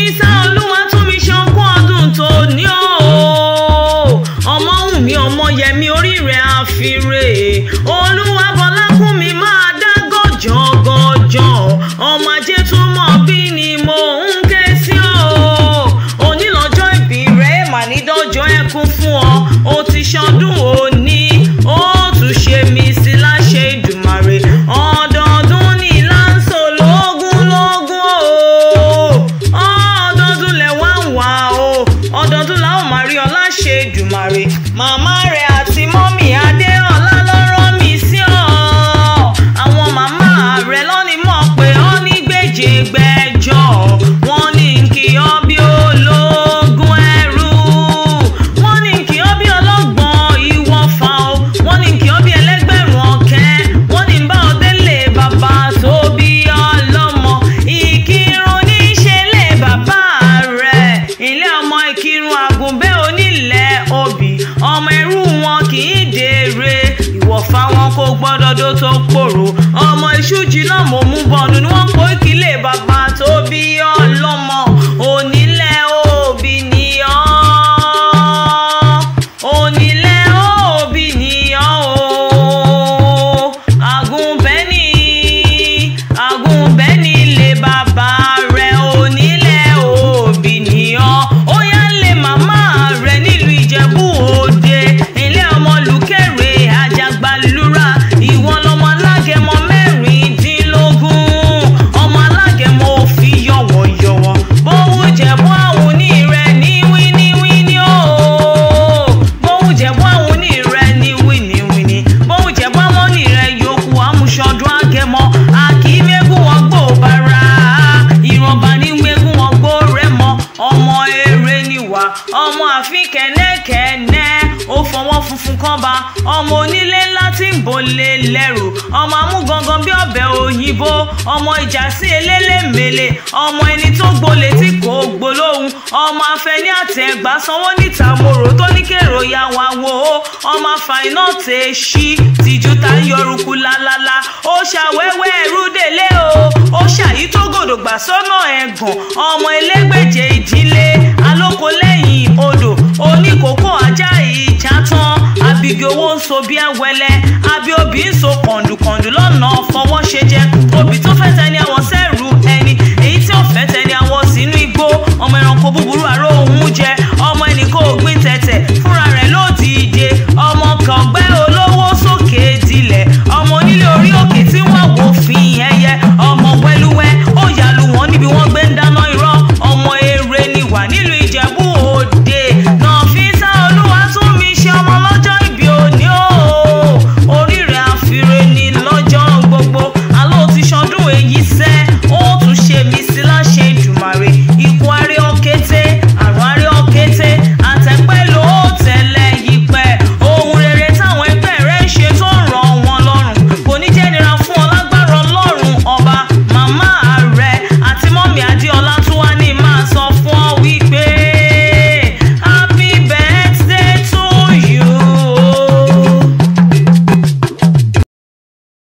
Ìsá Olúwatúnmi ṣeun kú ọdún tòní o ọmọ wù mí ọmọ yẹmi orí rẹ̀ àfirè Olúwa Bọ́lákúnmi máa dá gọ̀jọ̀ Elédùmarè màmá rẹ̀. ọdọọdọ tó ń pòrò ọmọ iṣu jiná mo mú bọ́ọ̀nù ni wọ́n ń pò kí lè bàbá. kẹ́nẹ́kẹ́nẹ́ ó fọwọ́ funfun kan ba ọmọ onílé ńlá tí ń bolè lẹ́rù ọmọ amúgangan bí ọbẹ̀ òyìnbó ọmọ ìjà sí elélémele ọmọ ẹni tó gbolè tí kò gbólóhùn ọmọ afẹní àtẹgbà sanwó níta mòrò tó ní kèrò ya wá wo ọmọ àfàìná tè ṣí tìjú ta ń yọrùkú lálálá ó ṣàwẹ́wẹ́ ẹrú délé o ó ṣàyí tó gòdògbà sọ́nà ẹ̀gàn ọmọ elégbèje ìdílé fi obì ń so kọ̀ǹdùkọ̀ǹdù lọ́nà fọwọ́ ṣe jẹ obì tó fẹ́ tẹni